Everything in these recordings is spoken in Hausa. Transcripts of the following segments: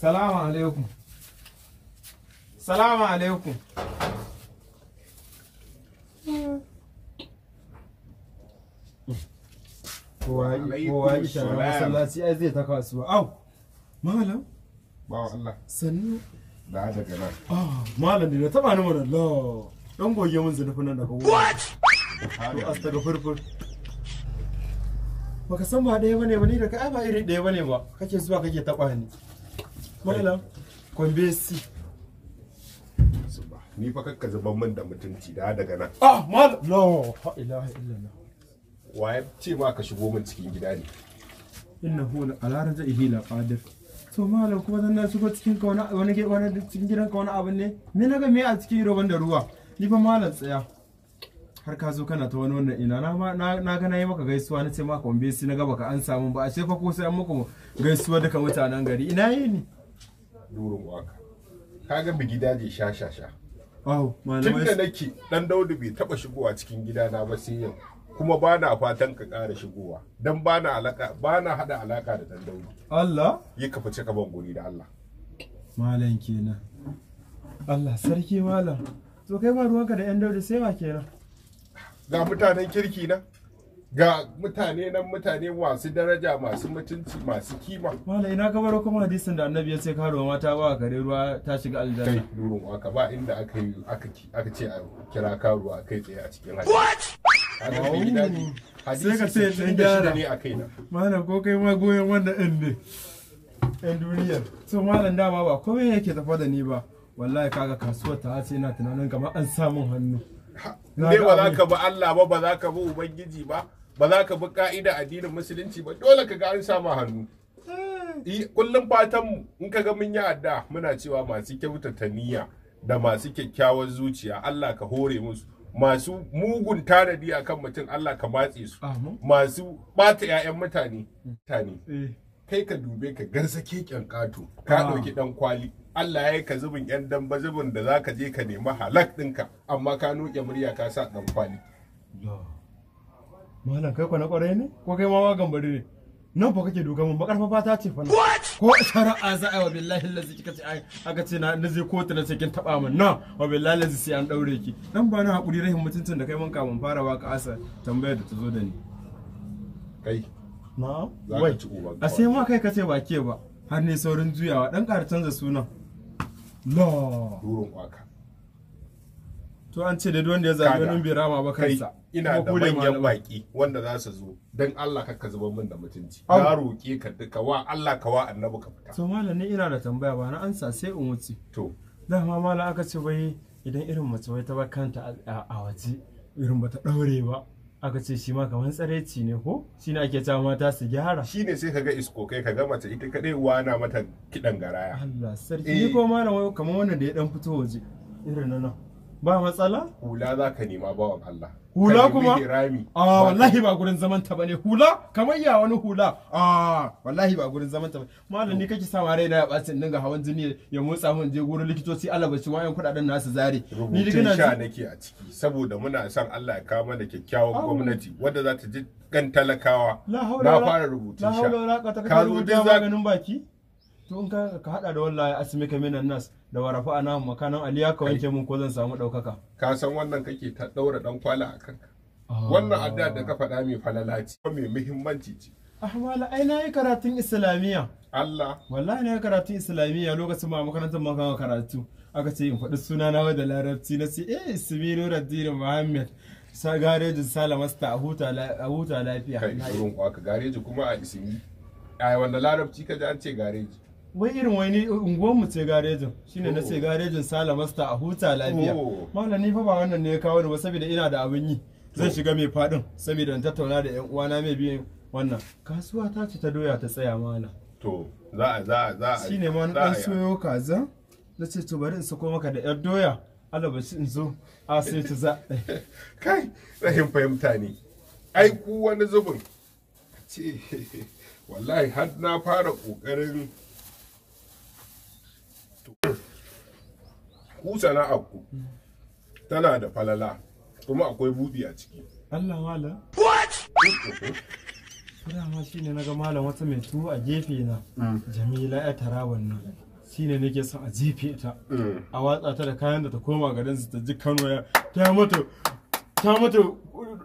salamu alaikum salamu alaikum kowa yi shara masallaci ai zai ta kasuwa au malam bawa Allah sannu da daga nan ah, malam ne taba ni wannan la dan goge mun zanufi nan daga what to astaga furfur baka san ba daya bane ba ni da kai ba irin daya bane ba kake zuwa kake taba ni malam kwambe si ni fa kakka zuban min da mutunci da daga nan ah malam la ilaha illallah waye ce ma ka shigo min cikin gida ne innahu ala rajaihi la qadir to malam kuma zan na shigo cikin ka wani wani wani cikin gidan ka wani abu ne me naga me a cikin roban da ruwa ni fa malam tsaya har ka zo kana ta wani wannan ina na ga na yi maka gaisuwa na ce maka wambe na gaba baka an samu ba a ce fa ko sai an muku gaisuwa duka mutanen gari ina yi ni doron waka kaga bi je sha sha sha tun da nake dan daudu bai taba shigowa cikin gidana ba sai yau kuma ba na fatan ka ƙara shigowa don ba na alaka ba na hada alaka da dan daudu Allah yi ka fice ka ban guri da Allah malam kenan Allah sarki malam to kai ba ruwanka da yan daudu sai wa kenan ga mutanen kirki na ga mutane nan mutane masu daraja masu mutunci masu kima mala ina ka baro kuma hadisin da annabi ya ce karo mata ba kare ruwa ta shiga aljanna kai durun waka ba inda aka yi aka aka ce a kira karuwa kai tsaye a cikin hadisi sai ka ce dan gyara ne a kaina mala ko kai ma goyen wanda din ne ɗan duniya so malam dama ba komai yake tafa da ni ba wallahi kaga kasuwar ta ce ina tunanin kamar an samun hannu ne ba za ka bi Allah ba ba za ka bi Ubangiji ba ba za ka bi ka'ida addinin musulunci ba dole ka ga an samu hannu kullum fatan mu in ka ga mun yi adda muna cewa masu kyautata niyya da masu kyakkyawar zuciya Allah ka hore musu masu mugun tanadi akan mutum Allah ka matse su masu bata 'ya'yan mutane eh. kai ka dube ka garsa keken kato ka ah. ɗauki ɗan kwali Allah ya yi ka zubin yan damba zubin da za ka je ka nemi halak ɗinka amma ka noke murya ka sa ɗan kwali malam kai kwa na kwarai ne ko kai ma wagan bari ne nan fa kake doka mun bakar fata ce fa ko a za a yi wa billahi lazi kika ce ai aka ce na nazi kotu na cikin kin taba mun na wa billahi lazi sai an daure ki dan ba na hakuri rahin mutuntun da kai mun kamun fara ka asa tambayar da ta zo da ni kai na wai a sai ma kai ce ba ke ba har ne saurin juyawa dan ƙara canza sunan la duron waka to an ce da duk wanda ya zaɓi wani bai rama ba kansa ina da manyan baki wanda za su zo don Allah ka zuba min da mutunci na roƙe ka duka wa Allah ka wa annabi ka fita to malam ne ina da tambaya ba na ansa sai in wuce to ma malam aka ce bai idan irin mace wai ta bakanta a waje irin bata daure ba aka ce shi ma kamar tsareci ne ko shi ne ake cewa mata su gyara shi ne sai kaga isko kai kaga mace ita kadai na mata kidan garaya Allah sarki eh. ni ko malam kamar wannan da ya dan fito waje irin nan ba matsala hula za ka nema bawan Allah hula kuma ah, a wallahi ba gurin zaman ta bane hula kamar ya wani hula a ah, wallahi ba gurin zaman ta bane malam ni kake sama raina ya bacin dinga hawan jini ya motsa mun je gurin likitoci Allah bace wayan kudaden nasu zare ni dinga na sha nake a ciki saboda muna son Allah ya kawo mana kyakkyawan gwamnati wadda za ta ji kan talakawa na fara rubutun sha ka zo din maganin baki to in ka hada da wallahi ka minan nas da warafa nan, makanan aliya ka wanke mun ko zan samu daukaka ka san wannan kake ta daura dan kwala a kanka ah. wannan addu'a da ka faɗa mai falala ce mai muhimmanci ce ahmala ai na yi karatun islamiyya Allah wallahi na yi karatun islamiyya lokacin ma makarantar makawa karatu aka ce in faɗi suna na da larabci na ce eh ismi nuruddin muhammad sa garejin salamasta a huta lafiya kai shirin kwa ka gareji kuma a ismi a wanda larabci ka ji an ce gareji wai irin wani uh, unguwan mu ce garejin shine na ce oh. garejin sala masta a huta lafiya oh. mallan ni fa ba wannan ne ya kawo ni ba saboda ina da abin yi zan oh. shiga mai fadin saboda in tattauna da yan uwana mai biyan wannan kasuwa ta ce ta doya ta tsaya mana. to za a za a za a shine ma na soyo kaza na ce to bari in sako maka da yar doya Allah ba in zo a sai ta za kai rahin fahimta ne ai ku wani zubin ce wallahi har na fara kokarin ku sana'ar tana da falala kuma akwai buɗi a ciki Allah wala what shi ne naga malam wata mai tuwo a gefe na mm. Jamila ya tara wannan shine nake son a jefe ta mm. a watsa ta da kayan da ta koma garin su ta ji Kano ya ta mata ta mata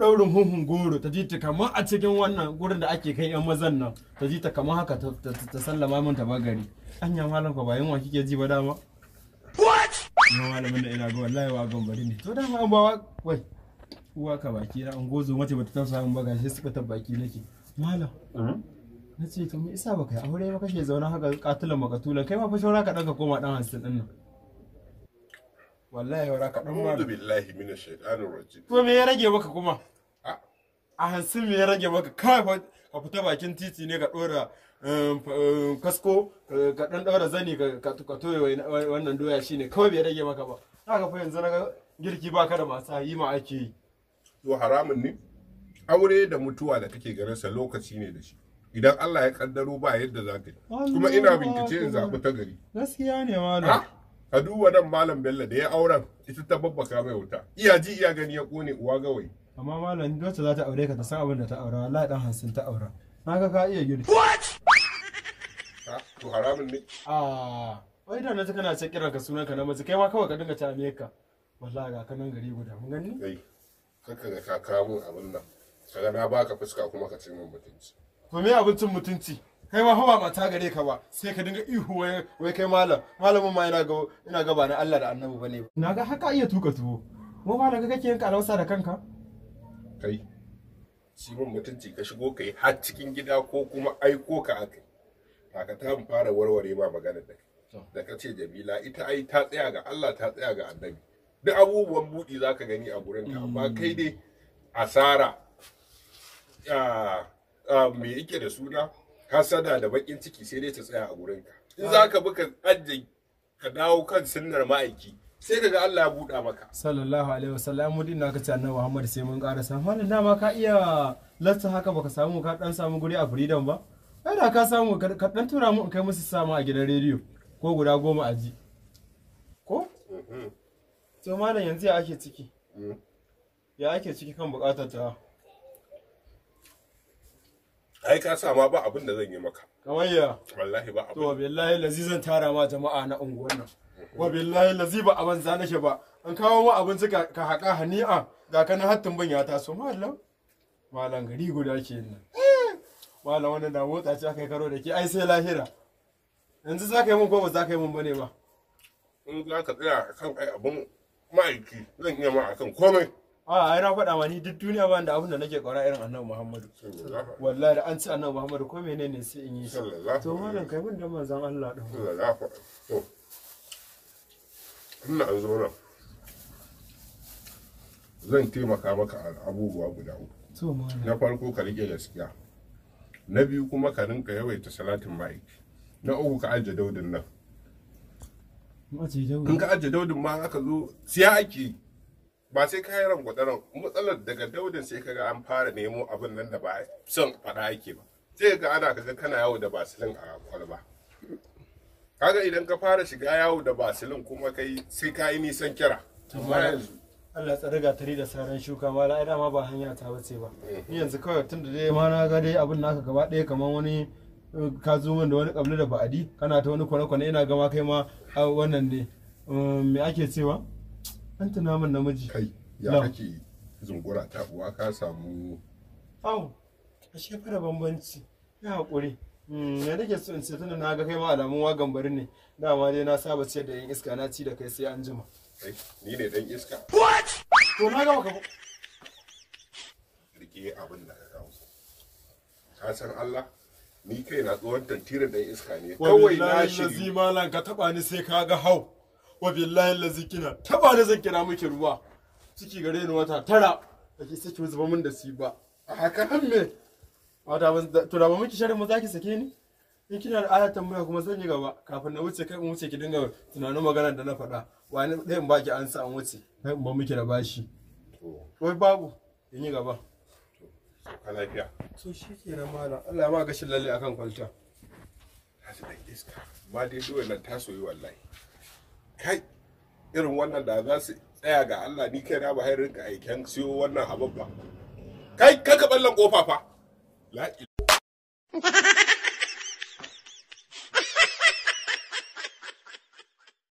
daurin hunhun goro ta ji ta kamar a cikin wannan gurin da ake kai yan mazan nan ta ji ta kamar haka ta sallama min ta bagari anya malam ko ba yin wa kike ji ba dama na malamin da ina ga wallahi wa bari ne to da ma an bawa wai uwa ka baki na an gozo mace bata tausa mun baga shi suka ta baki nake malam mm-hmm. na ce to me isa ba baka aure ba kake zaune haka katulan makatulan kai ma fa shaura ka dan ka koma dan hansin din nan wallahi wara ka dan malam billahi minash shaitanir rajim to me ya rage maka kuma ah. a hansin me ya rage maka kai a fita bakin titi ne ka ɗora um, um, kasko ka ɗan ɗora zani ka toye wannan doya shine kawai bai rage maka ba haka fa yanzu na girki ba ka da masu yi ma ake yi to haramun ne aure da mutuwa da kake garinsa lokaci ne da shi idan Allah ya kaddaro ba yadda za ka yi kuma ina bincike in zaɓi ta gari gaskiya ne malam ka duba nan malam bello da ya auren ita ta babbaka mai wuta iya ji iya gani ya kone uwa gawai amma malam wacce za ta aure ka ta san abin da ta aura wallahi dan hansin ta aura na ga ka iya girki what to haramun ne ah wai da ta kana ce kiran ka sunan ka na mace kai ma kawai ka dinga ta ka wallahi ga kanan gari guda mun gani kai ka ga ka kawo abin nan kaga na baka fuska kuma ka ce min mutunci to me abincin mutunci kai ma hawa mata gare ka ba sai ka dinga ihu wai kai malam malamin ma ina ga ina ga ba na Allah da Annabi bane na ga haka iya tuka tuwo mu ba da kake yin kalausa da kanka kai shi mun mutunci ka shigo kai har cikin gida ko kuma aiko ka aka ka ta fara warware ma magana da da ka ce jamila ita ai ta tsaya ga Allah ta tsaya ga annabi duk abubuwan buɗi za ka gani a ka amma mm. kai dai asara me yake da suna hasada da bakin ciki sai dai ta tsaya a gurinka in za ka bi ka ka dawo kan sunnar ma'aiki sai daga Allah ya buɗa maka sallallahu alaihi wasallam mudin na ce annabi Muhammad sai mun ƙara samu wannan dama ka iya lasta haka baka samu ka dan samu guri a freedom ba ai da ka samu ka dan tura mu kai musu sama a gidan rediyo ko guda goma a ji ko mm-hmm. to malam yanzu ya ake ciki mm. ya ake ciki kan bukatar ta ai ka sa ma ba abin da zan yi maka kamayya wallahi ba abin to billahi lazizan tara ma jama'a na unguwar nan wa billahi lazi ba a banza nake ba an kawo mu abinci ka haƙa hani'a ga kana hattin ban ya taso malam malam gari guda ke nan malam wannan da motsa ce aka yi karo da ke ai sai lahira yanzu za ka yi mun ko ba za ka yi mun bane ba in za ka tsaya a kan ai abin ma'aiki zan iya ma a kan komai a ai na faɗa ma ni duk duniya ba da abin da nake ƙwara irin annabi muhammadu wallahi da an ci annabi muhammadu ko menene sai in yi shi to malam kai mun da manzon Allah din ya zauna zan taimaka maka abubuwa guda uku na farko ka rike gaskiya na biyu kuma ka rinka yawaita salatin ma'aiki na uku ka ajiye daudin nan in ka ajiye daudin ma aka zo siya ake ba sai ka yi rangwadaran matsalar daga daudin sai kaga an fara nemo abin nan da ba son faɗa ake ba sai ka ana kaga kana yawo da basilin a kwalba kaga idan ka fara shiga yawo da basilin kuma kai sai ka yi nisan kira Allah tsare ga tare da saran shuka ma la'ai dama ba hanya ta bace ba eh. ni yanzu kawai tun da dai ma na ga dai abin naka gaba ɗaya kamar wani eh, ka zo min da wani kabli da ba'adi kana ta wani kwane-kwane ina gama kai ma wannan ne um, me ake cewa an tuna min namiji kai ya kake zungura ta uwa ka samu au ashe fara bambanci ya haƙuri Hmm, me nake so in ce tunan na ga kai ma alamun wagan bari ne dama dai na saba ce da yan iska na ci da kai sai an jima ni ne dan iska what to na ga maka rike abin da ka kawo ka san Allah ni kai na tsohon tantirin dan iska ne kawai na shi wallahi malan ka taba ni sai ka ga hau wa billahi lazi kina taba ni zan kira miki ruwa ciki gare ni wata tara kake sake zuba min da si ba a haka me wata to da ba muke sharri mu zaki sake ni in kina da aya tambaya kuma zan yi gaba kafin na wuce kai in wuce ki dinga tunanin maganar da na faɗa wani ɗaya in baki an sa an wuce kai in ba muke da bashi wai babu in yi gaba ka lafiya to shi ke na mala Allah ma gashin lalle akan kwalta hasi da iska Ba dai dole nan ta soyi wallahi kai irin wannan da za su tsaya ga Allah ni kai na ba hairin ka aiken siyo wannan abubba ba kai kaka ballan kofa fa Like